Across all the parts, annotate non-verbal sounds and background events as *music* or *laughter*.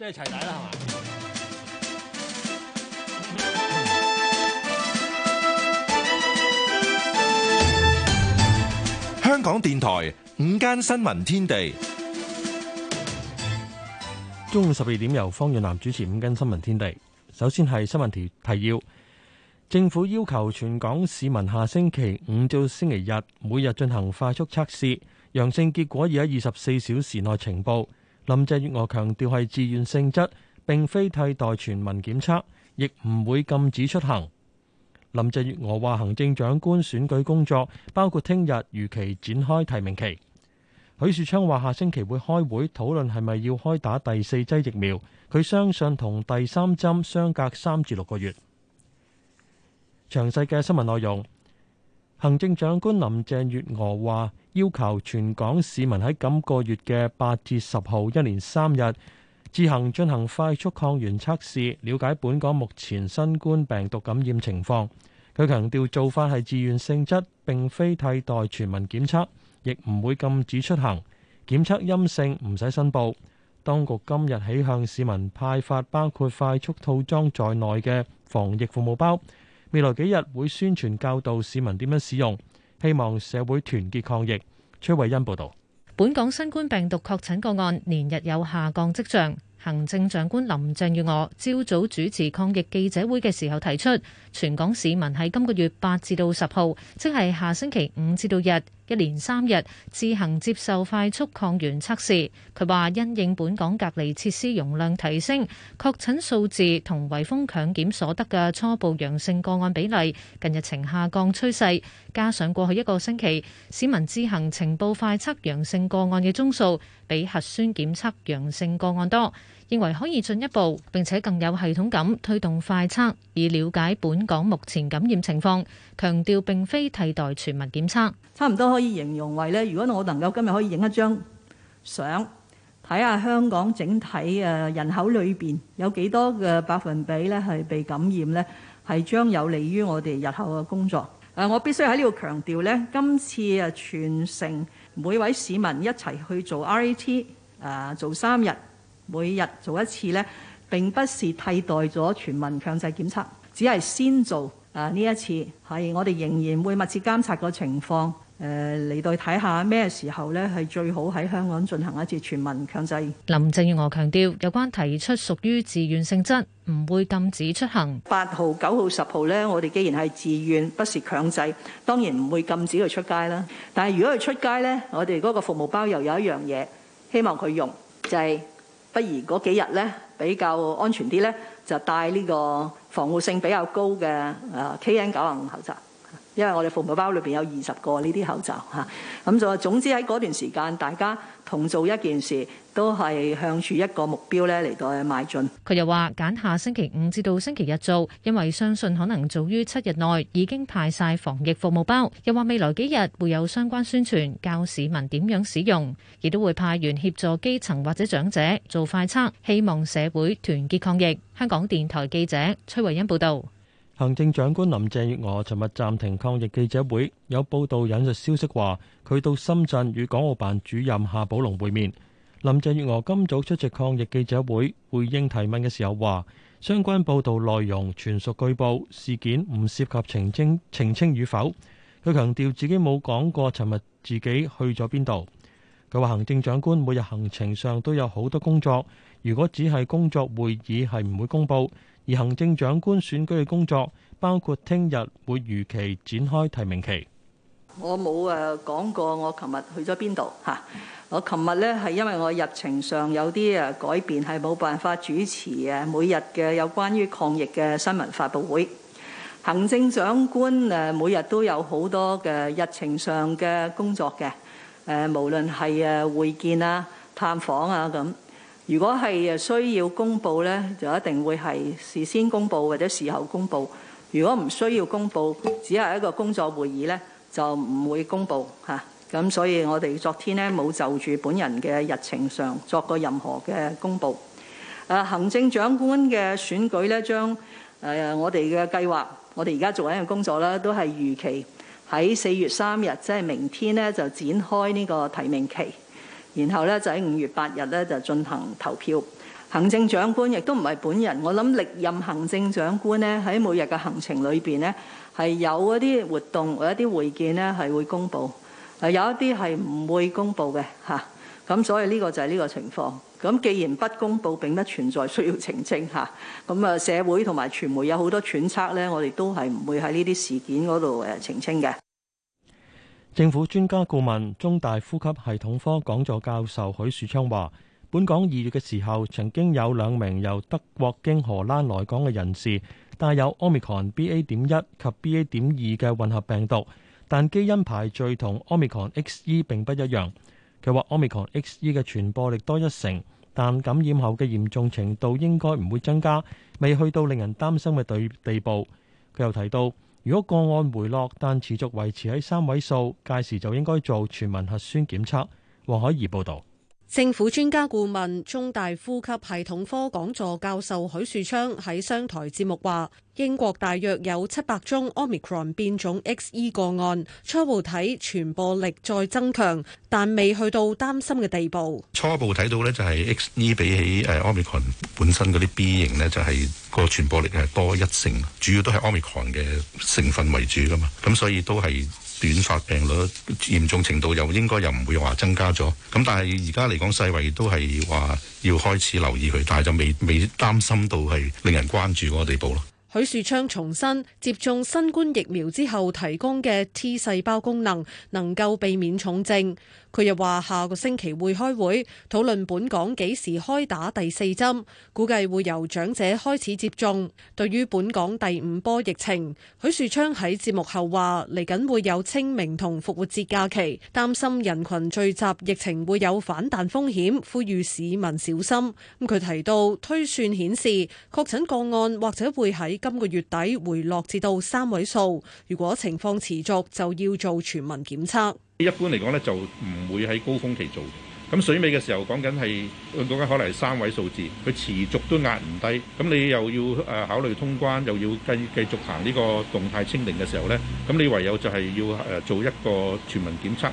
即係齊大啦，係嘛？香港電台午間新聞天地，中午十二點由方潤南主持《午間新聞天地》。首先係新聞提提要：政府要求全港市民下星期五到星期日每日進行快速測試，陽性結果要喺二十四小時內呈報。林鄭月娥強調係自願性質，並非替代全民檢測，亦唔會禁止出行。林鄭月娥話，行政長官選舉工作包括聽日如期展開提名期。許樹昌話，下星期會開會討論係咪要開打第四劑疫苗。佢相信同第三針相隔三至六個月。詳細嘅新聞內容。行政長官林鄭月娥話，要求全港市民喺今個月嘅八至十號一連三日自行進行快速抗原測試，了解本港目前新冠病毒感染情況。佢強調做法係自願性質，並非替代全民檢測，亦唔會禁止出行。檢測陰性唔使申報。當局今日起向市民派發包括快速套裝在內嘅防疫服務包。未來幾日會宣傳教導市民點樣使用，希望社會團結抗疫。崔慧欣報道，本港新冠病毒確診個案連日有下降跡象。行政長官林鄭月娥朝早主持抗疫記者會嘅時候，提出全港市民喺今個月八至到十號，即係下星期五至到日，一連三日自行接受快速抗原測試。佢話：因應本港隔離設施容量提升，確診數字同圍封強檢所得嘅初步陽性個案比例近日呈下降趨勢，加上過去一個星期市民自行呈報快測陽性個案嘅宗數，比核酸檢測陽性個案多。認為可以進一步並且更有系統咁推動快測，以了解本港目前感染情況。強調並非替代全民檢測，差唔多可以形容為咧，如果我能夠今日可以影一張相，睇下香港整體誒人口裏邊有幾多嘅百分比咧係被感染咧，係將有利於我哋日後嘅工作。誒，我必須喺呢度強調咧，今次誒全城每位市民一齊去做 RAT 誒做三日。每日做一次呢，並不是替代咗全民強制檢測，只係先做啊呢一次。係我哋仍然會密切監察個情況，誒嚟到睇下咩時候呢，係最好喺香港進行一次全民強制。林鄭月娥強調，有關提出屬於自願性質，唔會禁止出行。八號、九號、十號呢，我哋既然係自願，不是強制，當然唔會禁止佢出街啦。但係如果佢出街呢，我哋嗰個服務包又有一樣嘢，希望佢用就係、是。不如嗰幾日呢，比較安全啲呢，就戴呢個防護性比較高嘅 KN95 口罩。因為我哋服務包裏邊有二十個呢啲口罩嚇，咁就總之喺嗰段時間，大家同做一件事，都係向住一個目標咧嚟到邁進。佢又話：揀下星期五至到星期日做，因為相信可能早於七日內已經派晒防疫服務包。又話未來幾日會有相關宣傳，教市民點樣使用，亦都會派員協助基層或者長者做快測，希望社會團結抗疫。香港電台記者崔慧欣報道。行政長官林鄭月娥尋日暫停抗疫記者會，有報道引述消息話，佢到深圳與港澳辦主任夏寶龍會面。林鄭月娥今早出席抗疫記者會，回應提問嘅時候話，相關報道內容全屬據報，事件唔涉及澄清，澄清與否。佢強調自己冇講過尋日自己去咗邊度。佢話行政長官每日行程上都有好多工作，如果只係工作會議，係唔會公佈。而行政長官選舉嘅工作，包括聽日會如期展開提名期。我冇誒講過我琴日去咗邊度吓。我琴日咧係因為我日程上有啲誒改變，係冇辦法主持誒每日嘅有關於抗疫嘅新聞發布會。行政長官誒每日都有好多嘅日程上嘅工作嘅。誒，無論係誒會見啊、探訪啊咁。如果係誒需要公布咧，就一定會係事先公布或者事後公布。如果唔需要公布，只係一個工作會議咧，就唔會公布嚇。咁、啊、所以我哋昨天咧冇就住本人嘅日程上作過任何嘅公布。誒、啊、行政長官嘅選舉咧，將誒、呃、我哋嘅計劃，我哋而家做緊嘅工作啦，都係預期喺四月三日，即係明天咧就展開呢個提名期。然後咧就喺五月八日咧就進行投票，行政長官亦都唔係本人。我諗歷任行政長官咧喺每日嘅行程裏邊咧係有一啲活動或一啲會見咧係會公布，係有一啲係唔會公布嘅嚇。咁所以呢個就係呢個情況。咁既然不公布並不存在需要澄清嚇，咁啊社會同埋傳媒有好多揣測咧，我哋都係唔會喺呢啲事件嗰度誒澄清嘅。政府專家顧問、中大呼吸系統科講座教授許樹昌話：本港二月嘅時候，曾經有兩名由德國經荷蘭來港嘅人士帶有 Omicron BA. 點一及 BA. 點二嘅混合病毒，但基因排序同 Omicron XE 並不一樣。佢話 Omicron XE 嘅傳播力多一成，但感染後嘅嚴重程度應該唔會增加，未去到令人擔心嘅對地步。佢又提到。如果個案回落但持續維持喺三位數，屆時就應該做全民核酸檢測。黃海怡報導，政府專家顧問、中大呼吸系統科講座教授許樹昌喺商台節目話。英國大約有七百宗 Omicron 變種 XE 個案，初步睇傳播力再增強，但未去到擔心嘅地步。初步睇到咧就係 XE 比起誒 Omicron 本身嗰啲 B 型咧，就係個傳播力係多一成，主要都係 Omicron 嘅成分為主㗎嘛，咁所以都係短發病率、嚴重程度又應該又唔會話增加咗。咁但係而家嚟講，世衞都係話要開始留意佢，但係就未未擔心到係令人關注嗰個地步咯。許樹昌重申，接種新冠疫苗之後提供嘅 T 細胞功能，能夠避免重症。佢又話：下個星期會開會討論本港幾時開打第四針，估計會由長者開始接種。對於本港第五波疫情，許樹昌喺節目後話：嚟緊會有清明同復活節假期，擔心人群聚集，疫情會有反彈風險，呼籲市民小心。咁佢提到推算顯示，確診個案或者會喺今個月底回落至到三位數。如果情況持續，就要做全民檢測。一般嚟講咧，就唔會喺高峰期做。咁水尾嘅時候，講緊係，講緊可能係三位數字，佢持續都壓唔低。咁你又要誒考慮通關，又要繼繼續行呢個動態清零嘅時候咧，咁你唯有就係要誒做一個全民檢測，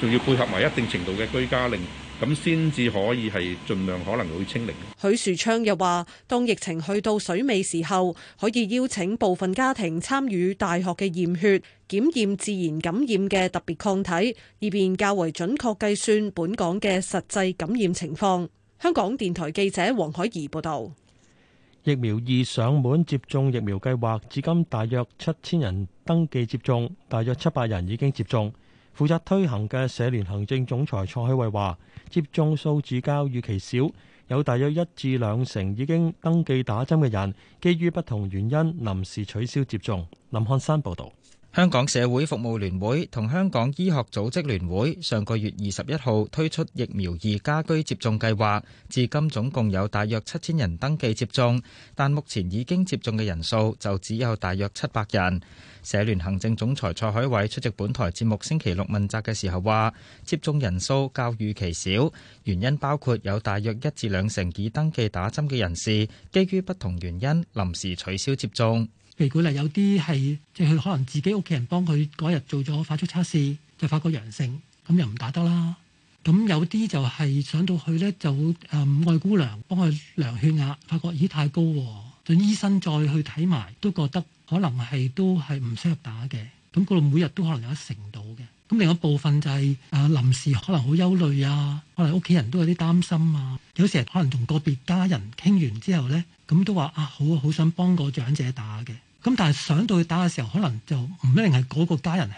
仲要配合埋一定程度嘅居家令。咁先至可以係盡量可能會清零。許樹昌又話，當疫情去到水尾時候，可以邀請部分家庭參與大學嘅驗血檢驗自然感染嘅特別抗體，以便較為準確計算本港嘅實際感染情況，香港電台記者黃海怡報道。疫苗二上門接種疫苗計劃至今大約七千人登記接種大約七百人已經接種。負責推行嘅社聯行政總裁蔡海慧話：接種數字較預期少，有大約一至兩成已經登記打針嘅人，基於不同原因臨時取消接種。林漢山報導。香港社會服務聯會同香港醫學組織聯會上個月二十一號推出疫苗易家居接種計劃，至今總共有大約七千人登記接種，但目前已經接種嘅人數就只有大約七百人。社聯行政總裁蔡海偉出席本台節目星期六問責嘅時候話，接種人數較預期少，原因包括有大約一至兩成已登記打針嘅人士，基於不同原因臨時取消接種。譬如有啲係即係佢可能自己屋企人幫佢嗰日做咗快速測試，就發覺陽性，咁又唔打得啦。咁有啲就係上到去呢，就誒外、嗯、姑娘幫佢量血壓，發覺咦太高喎，就醫生再去睇埋都覺得可能係都係唔適合打嘅。咁嗰度每日都可能有一成度嘅。咁另一部分就係、是、誒、啊、臨時可能好憂慮啊，可能屋企人都有啲擔心啊。有時可能同個別家人傾完之後呢，咁都話啊好好想幫個長者打嘅。咁但係上到去打嘅時候，可能就唔一定係嗰個家人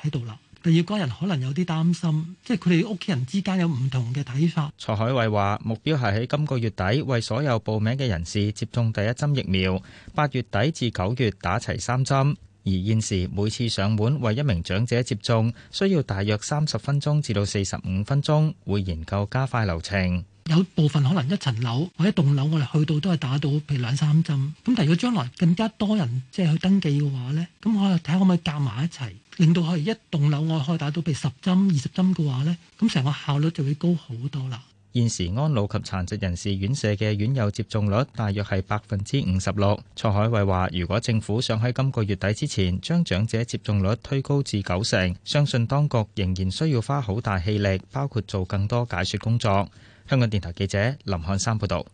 喺度啦。第二家人可能有啲擔心，即係佢哋屋企人之間有唔同嘅睇法。蔡海偉話：目標係喺今個月底為所有報名嘅人士接種第一針疫苗，八月底至九月打齊三針。而現時每次上門為一名長者接種，需要大約三十分鐘至到四十五分鐘，會研究加快流程。有部分可能一層樓或一棟樓，我哋去到都係打到，譬如兩三針。咁，但如果將來更加多人即係去登記嘅話呢，咁我哋睇下可唔可以夾埋一齊，令到可以一棟樓我可以打到，譬如十針、二十針嘅話呢，咁成個效率就會高好多啦。現時安老及殘疾人士院舍嘅院友接種率大約係百分之五十六。蔡海慧話：如果政府想喺今個月底之前將長者接種率推高至九成，相信當局仍然需要花好大氣力，包括做更多解說工作。香港電台記者林漢山報道，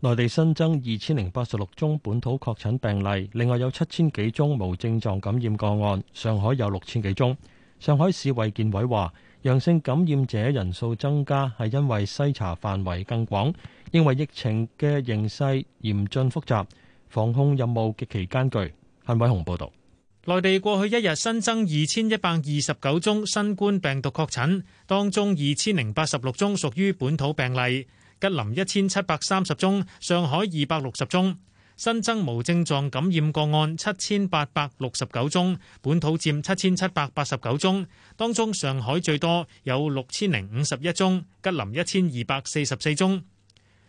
內地新增二千零八十六宗本土確診病例，另外有七千幾宗無症狀感染個案，上海有六千幾宗。上海市衛健委話，陽性感染者人數增加係因為篩查範圍更廣，因為疫情嘅形勢嚴峻複雜，防控任務極其艱巨。向偉雄報道。內地過去一日新增二千一百二十九宗新冠病毒確診，當中二千零八十六宗屬於本土病例。吉林一千七百三十宗，上海二百六十宗。新增無症狀感染個案七千八百六十九宗，本土佔七千七百八十九宗，當中上海最多有六千零五十一宗，吉林一千二百四十四宗。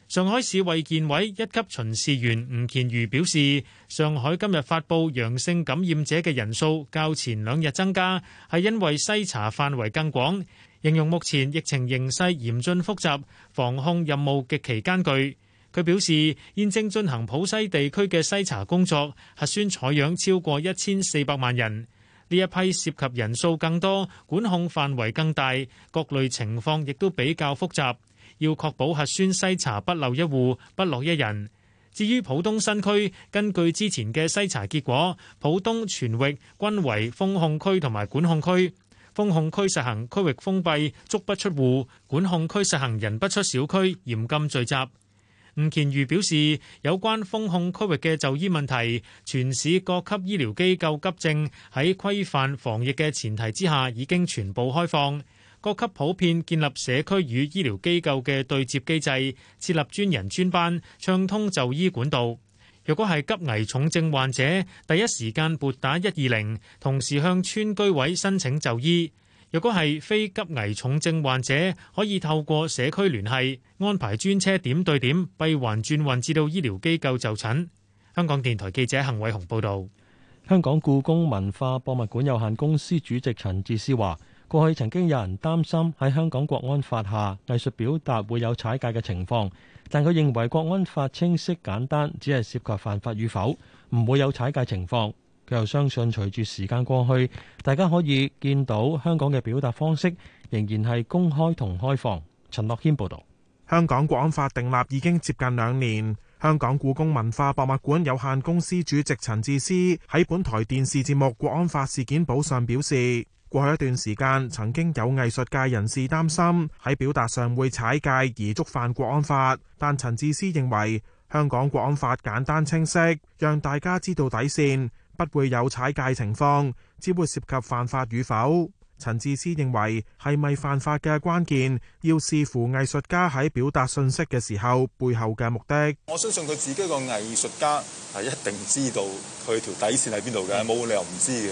上海市衛健委一級巡視員吳健瑜表示，上海今日發布陽性感染者嘅人數較前兩日增加，係因為篩查範圍更廣。形容目前疫情形勢嚴峻複雜，防控任務極其艱巨。佢表示，現正進行浦西地區嘅篩查工作，核酸採樣超過一千四百萬人。呢一批涉及人數更多，管控範圍更大，各類情況亦都比較複雜。要確保核酸篩查不漏一戶、不落一人。至於浦東新區，根據之前嘅篩查結果，浦東全域均為封控區同埋管控區。封控區實行區域封閉，足不出戶；管控區實行人不出小區，嚴禁聚集。吳乾渝表示，有關封控區域嘅就醫問題，全市各級醫療機構急症喺規範防疫嘅前提之下，已經全部開放。各級普遍建立社區與醫療機構嘅對接機制，設立專人專班，暢通就醫管道。若果係急危重症患者，第一時間撥打一二零，同時向村居委申請就醫。若果係非急危重症患者，可以透過社區聯繫，安排專車點對點，閉環轉運至到醫療機構就診。香港電台記者幸偉雄報道。香港故宮文化博物館有限公司主席陳智思話。過去曾經有人擔心喺香港國安法下藝術表達會有踩界嘅情況，但佢認為國安法清晰簡單，只係涉及犯法與否，唔會有踩界情況。佢又相信隨住時間過去，大家可以見到香港嘅表達方式仍然係公開同開放。陳樂軒報導。香港國安法訂立已經接近兩年，香港故宮文化博物館有限公司主席陳智思喺本台電視節目《國安法事件簿》上表示。過去一段時間，曾經有藝術界人士擔心喺表達上會踩界而觸犯國安法，但陳智思認為香港國安法簡單清晰，讓大家知道底線，不會有踩界情況，只會涉及犯法與否。陳智思認為係咪犯法嘅關鍵，要視乎藝術家喺表達信息嘅時候背後嘅目的。我相信佢自己個藝術家係一定知道佢條底線喺邊度嘅，冇、嗯、理由唔知嘅。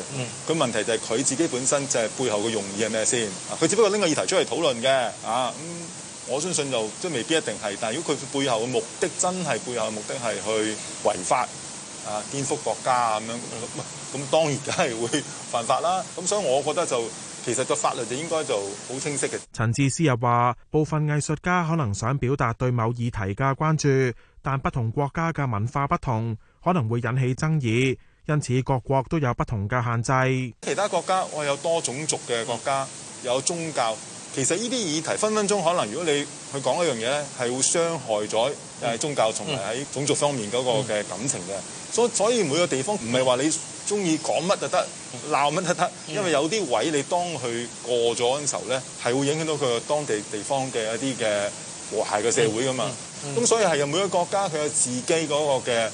佢、嗯、問題就係佢自己本身就係背後嘅用意係咩先？佢只不過拎個議題出嚟討論嘅啊。咁我相信就即係未必一定係，但係如果佢背後嘅目的真係背後嘅目的係去違法啊顛覆國家咁樣，咁、啊、當然梗係會犯法啦。咁所以我覺得就。其實個法律就應該就好清晰嘅。陳智思又話：部分藝術家可能想表達對某議題嘅關注，但不同國家嘅文化不同，可能會引起爭議，因此各國都有不同嘅限制。其他國家我有多種族嘅國家，有宗教。其實呢啲議題分分鐘可能，如果你去講一樣嘢咧，係會傷害咗誒宗教，從嚟喺種族方面嗰個嘅感情嘅。嗯嗯嗯、所以所以每個地方唔係話你。中意講乜就得，鬧乜就得，嗯、因為有啲位你當佢過咗嗰陣時候咧，係會影響到佢當地地方嘅一啲嘅和諧嘅社會噶嘛。咁、嗯嗯、所以係啊，每個國家佢有自己嗰個嘅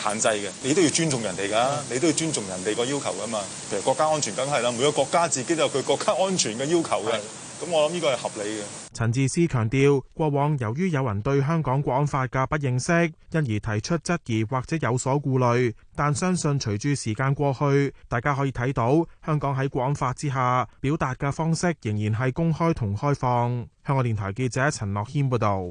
誒限制嘅，你都要尊重人哋噶，嗯、你都要尊重人哋個要求噶嘛。譬如國家安全梗係啦，每個國家自己都有佢國家安全嘅要求嘅。嗯嗯咁我諗呢個係合理嘅。陳智思強調，過往由於有人對香港國安法嘅不認識，因而提出質疑或者有所顧慮。但相信隨住時間過去，大家可以睇到香港喺國安法之下表達嘅方式仍然係公開同開放。香港電台記者陳樂謙報道。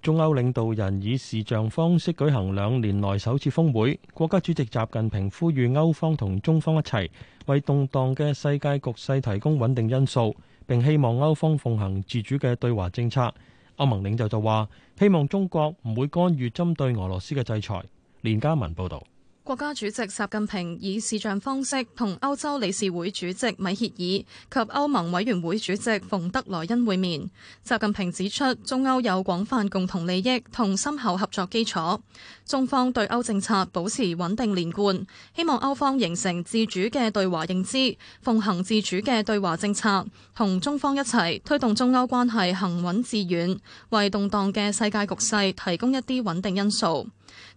中歐領導人以視像方式舉行兩年來首次峰會，國家主席習近平呼籲歐方同中方一齊為動盪嘅世界局勢提供穩定因素。並希望歐方奉行自主嘅對華政策。歐盟領袖就話，希望中國唔會干預針對俄羅斯嘅制裁。連家文報導。國家主席習近平以視像方式同歐洲理事會主席米歇爾及歐盟委員會主席馮德萊恩會面。習近平指出，中歐有廣泛共同利益同深厚合作基礎，中方對歐政策保持穩定連貫，希望歐方形成自主嘅對華認知，奉行自主嘅對華政策，同中方一齊推動中歐關係行穩致遠，為動盪嘅世界局勢提供一啲穩定因素。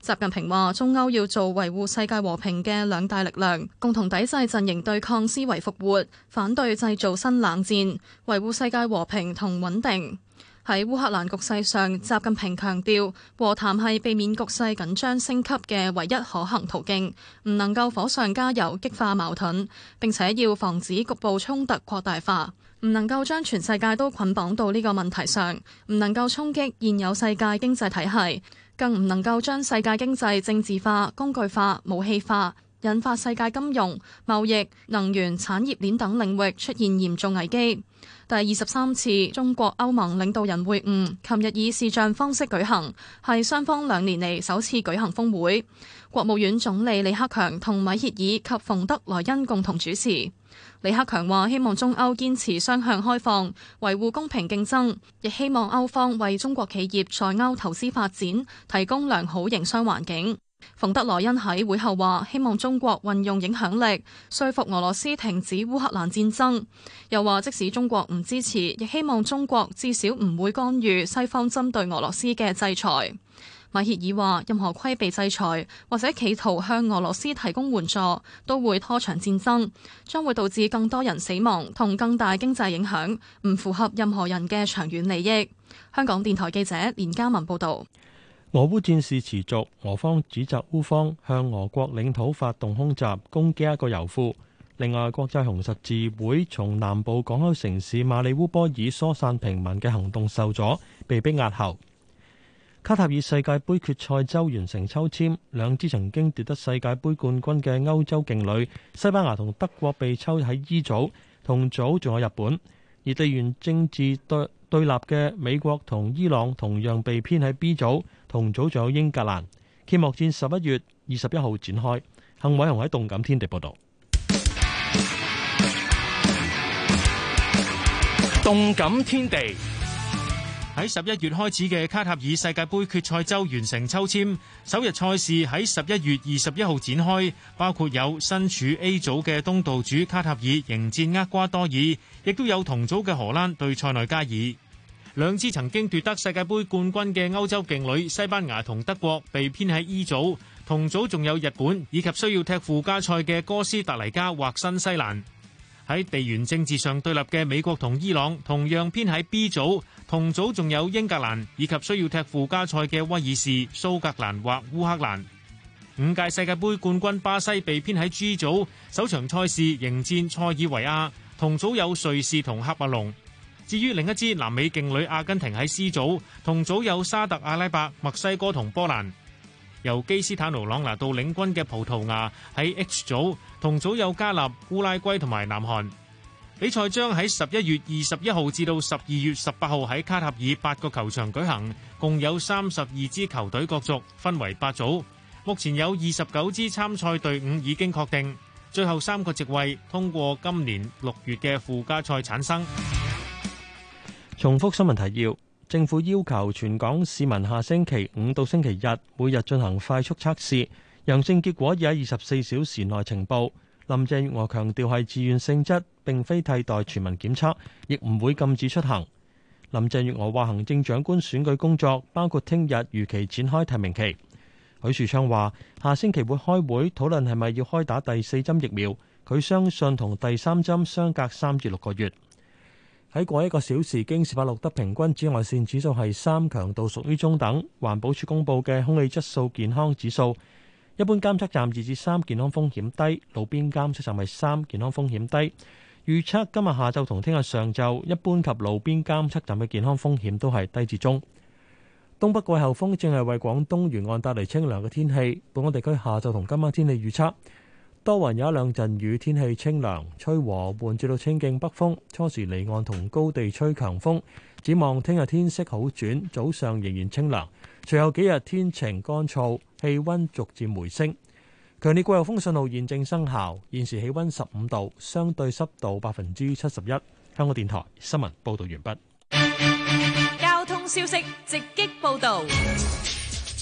習近平話：中歐要做維護世界和平嘅兩大力量，共同抵制陣營對抗思維復活，反對製造新冷戰，維護世界和平同穩定。喺烏克蘭局勢上，習近平強調，和談係避免局勢緊張升級嘅唯一可行途徑，唔能夠火上加油激化矛盾，並且要防止局部衝突擴大化，唔能夠將全世界都捆綁到呢個問題上，唔能夠衝擊現有世界經濟體系。更唔能夠將世界經濟政治化、工具化、武器化，引發世界金融、貿易、能源、產業鏈等領域出現嚴重危機。第二十三次中國歐盟領導人會晤，琴日以視像方式舉行，係雙方兩年嚟首次舉行峰會。國務院總理李克強同米歇爾及馮德萊恩共同主持。李克強話：希望中歐堅持雙向開放，維護公平競爭，亦希望歐方為中國企業在歐投資發展提供良好營商環境。馮德萊恩喺會後話：希望中國運用影響力說服俄羅斯停止烏克蘭戰爭，又話即使中國唔支持，亦希望中國至少唔會干預西方針對俄羅斯嘅制裁。米歇爾話：任何規避制裁或者企圖向俄羅斯提供援助，都會拖長戰爭，將會導致更多人死亡同更大經濟影響，唔符合任何人嘅長遠利益。香港電台記者連家文報道：俄烏戰事持續，俄方指責烏方向俄國領土發動空襲，攻擊一個油庫。另外，國際紅十字會從南部港口城市馬里烏波爾疏散平民嘅行動受阻，被逼押後。卡塔爾世界盃決賽周完成抽簽，兩支曾經奪得世界盃冠軍嘅歐洲勁旅西班牙同德國被抽喺 E 組，同組仲有日本；而地緣政治對對立嘅美國同伊朗同樣被編喺 B 組，同組仲有英格蘭。揭幕戰十一月二十一號展開。幸偉雄喺動感天地報道。動感天地。喺十一月開始嘅卡塔爾世界盃決賽週完成抽籤，首日賽事喺十一月二十一號展開，包括有身處 A 組嘅東道主卡塔爾迎戰厄瓜多爾，亦都有同組嘅荷蘭對塞內加爾。兩支曾經奪得世界盃冠軍嘅歐洲勁旅西班牙同德國被編喺 E 組，同組仲有日本以及需要踢附加賽嘅哥斯達黎加或新西蘭。喺地緣政治上對立嘅美國同伊朗同樣編喺 B 組，同組仲有英格蘭以及需要踢附加賽嘅威爾士、蘇格蘭或烏克蘭。五屆世界盃冠軍巴西被編喺 G 組，首場賽事迎戰塞爾維亞，同組有瑞士同喀麥隆。至於另一支南美勁旅阿根廷喺 C 組，同組有沙特阿拉伯、墨西哥同波蘭。由基斯坦奴朗拿度領軍嘅葡萄牙喺 H 組，同組有加納、烏拉圭同埋南韓。比賽將喺十一月二十一號至到十二月十八號喺卡塔爾八個球場舉行，共有三十二支球隊角逐，分為八組。目前有二十九支參賽隊伍已經確定，最後三個席位通過今年六月嘅附加賽產生。重複新聞提要。政府要求全港市民下星期五到星期日每日進行快速測試，陽性結果要喺二十四小時內呈報。林鄭月娥強調係自願性質，並非替代全民檢測，亦唔會禁止出行。林鄭月娥話：行政長官選舉工作包括聽日如期展開提名期。許樹昌話：下星期會開會討論係咪要開打第四針疫苗，佢相信同第三針相隔三至六個月。喺過一個小時，京士柏錄得平均紫外線指數係三，強度屬於中等。環保署公佈嘅空氣質素健康指數，一般監測站二至三，健康風險低；路邊監測站係三，健康風險低。預測今日下晝同聽日上晝，一般及路邊監測站嘅健康風險都係低至中。東北季候風正係為廣東沿岸帶嚟清涼嘅天氣。本港地區下晝同今晚天氣預測。多雲有一兩陣雨，天氣清涼，吹和緩至到清勁北風，初時離岸同高地吹強風。展望聽日天色好轉，早上仍然清涼。隨後幾日天晴乾燥，氣溫逐漸回升。強烈季候風信號現正生效。現時氣溫十五度，相對濕度百分之七十一。香港電台新聞報道完畢。交通消息直擊報道。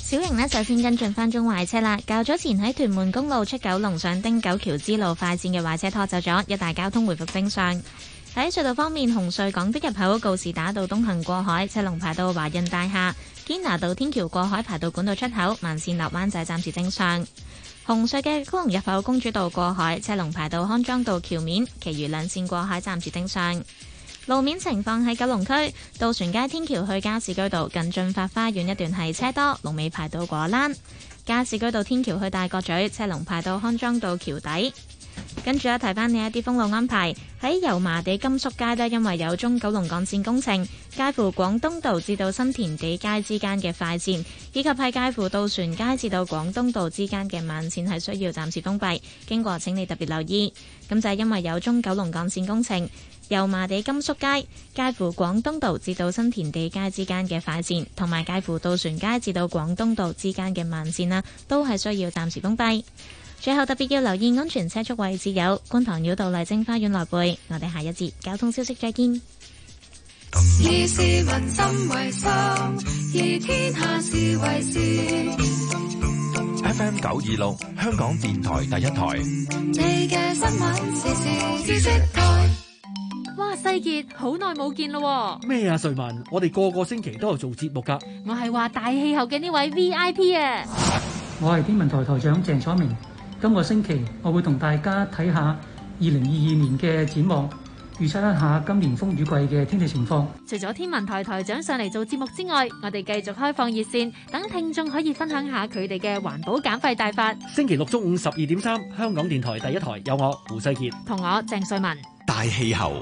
小瑩呢，首先跟進返宗壞車啦。較早前喺屯門公路出九龍上汀九橋支路快線嘅壞車拖走咗，一大交通回復正常。喺隧道方面，紅隧港島入口告士打道東行過海，車龍排到華潤大廈堅拿道天橋過海排到管道出口，慢線落灣仔暫時正常。紅隧嘅高龍入口公主道過海，車龍排到康莊道橋面，其餘兩線過海暫時正常。路面情況喺九龍區渡船街天橋去加士居道近駿發花園一段係車多，龍尾排到果欄；加士居道天橋去大角咀車龍排到康莊道橋底。跟住咧，提翻你一啲封路安排喺油麻地甘肅街都因為有中九龍幹線工程，介乎廣東道至到新填地街之間嘅快線，以及係介乎渡船街至到廣東道之間嘅慢線係需要暫時封閉，經過請你特別留意。咁就係因為有中九龍幹線工程。油麻地甘肅街，介乎廣東道至到新田地街之間嘅快線，同埋介乎渡船街至到廣東道之間嘅慢線啦，都係需要暫時封閉。最後特別要留意安全車速位置，有觀塘繞道麗晶花園來背。我哋下一節交通消息再見。 *music* FM 九二六，香港電台第一台。哇，世傑好耐冇見咯！咩啊，瑞文，我哋個個星期都有做節目噶。我係話大氣候嘅呢位 VIP 啊！我係天文台台長鄭楚明，今個星期我會同大家睇下二零二二年嘅展望，預測一下今年風雨季嘅天氣情況。除咗天文台台長上嚟做節目之外，我哋繼續開放熱線，等聽眾可以分享下佢哋嘅環保減費大法。星期六中午十二點三，香港電台第一台有我胡世傑同我鄭瑞文大氣候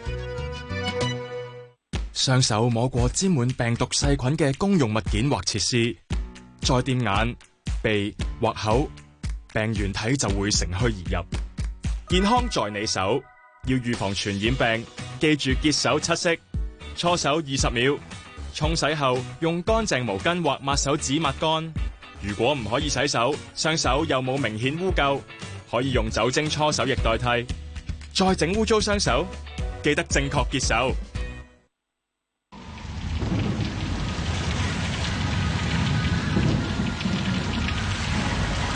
雙手摸過沾滿病毒細菌嘅公用物件或設施，再掂眼、鼻或口，病原體就會乘虛而入。健康在你手，要預防傳染病，記住潔手七式：搓手二十秒，沖洗後用乾淨毛巾或抹手紙抹乾。如果唔可以洗手，雙手又冇明顯污垢，可以用酒精搓手液代替。再整污糟雙手，記得正確潔手。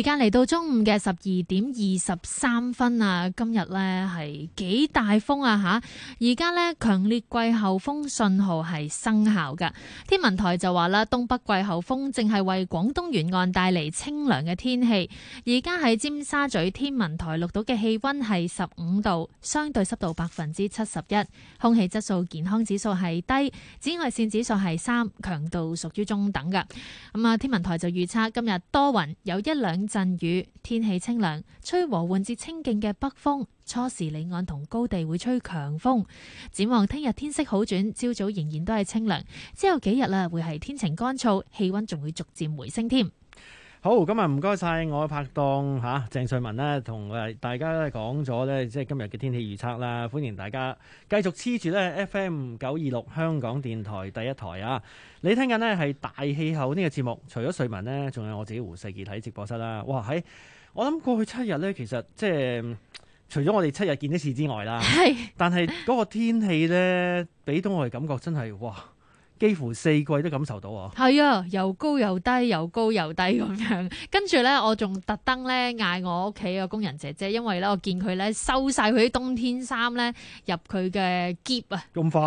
時間嚟到中午嘅十二點二十三分啊！今日呢係幾大風啊吓，而家呢強烈季候風信號係生效噶。天文台就話啦，東北季候風正係為廣東沿岸帶嚟清涼嘅天氣。而家喺尖沙咀天文台錄到嘅氣溫係十五度，相對濕度百分之七十一，空氣質素健康指數係低，紫外線指數係三，強度屬於中等噶。咁啊，天文台就預測今日多雲，有一兩。陣雨，天氣清涼，吹和緩至清勁嘅北風，初時兩岸同高地會吹強風。展望聽日天色好轉，朝早仍然都係清涼。之後幾日啦，會係天晴乾燥，氣溫仲會逐漸回升添。好，今日唔該晒我嘅拍檔吓鄭瑞文咧，同誒大家咧講咗咧，即係今日嘅天氣預測啦。歡迎大家繼續黐住咧 FM 九二六香港電台第一台啊！你聽緊咧係大氣候呢個節目，除咗瑞文咧，仲有我自己胡世杰喺直播室啦。哇喺、哎！我諗過去七日咧，其實即係除咗我哋七日見一次之外啦，係， *music* 但係嗰個天氣咧，俾到我哋感覺真係哇～幾乎四季都感受到啊，係啊，又高又低，又高又低咁樣，跟住咧，我仲特登咧嗌我屋企個工人姐姐，因為咧我見佢咧收晒佢啲冬天衫咧入佢嘅篋啊，咁快？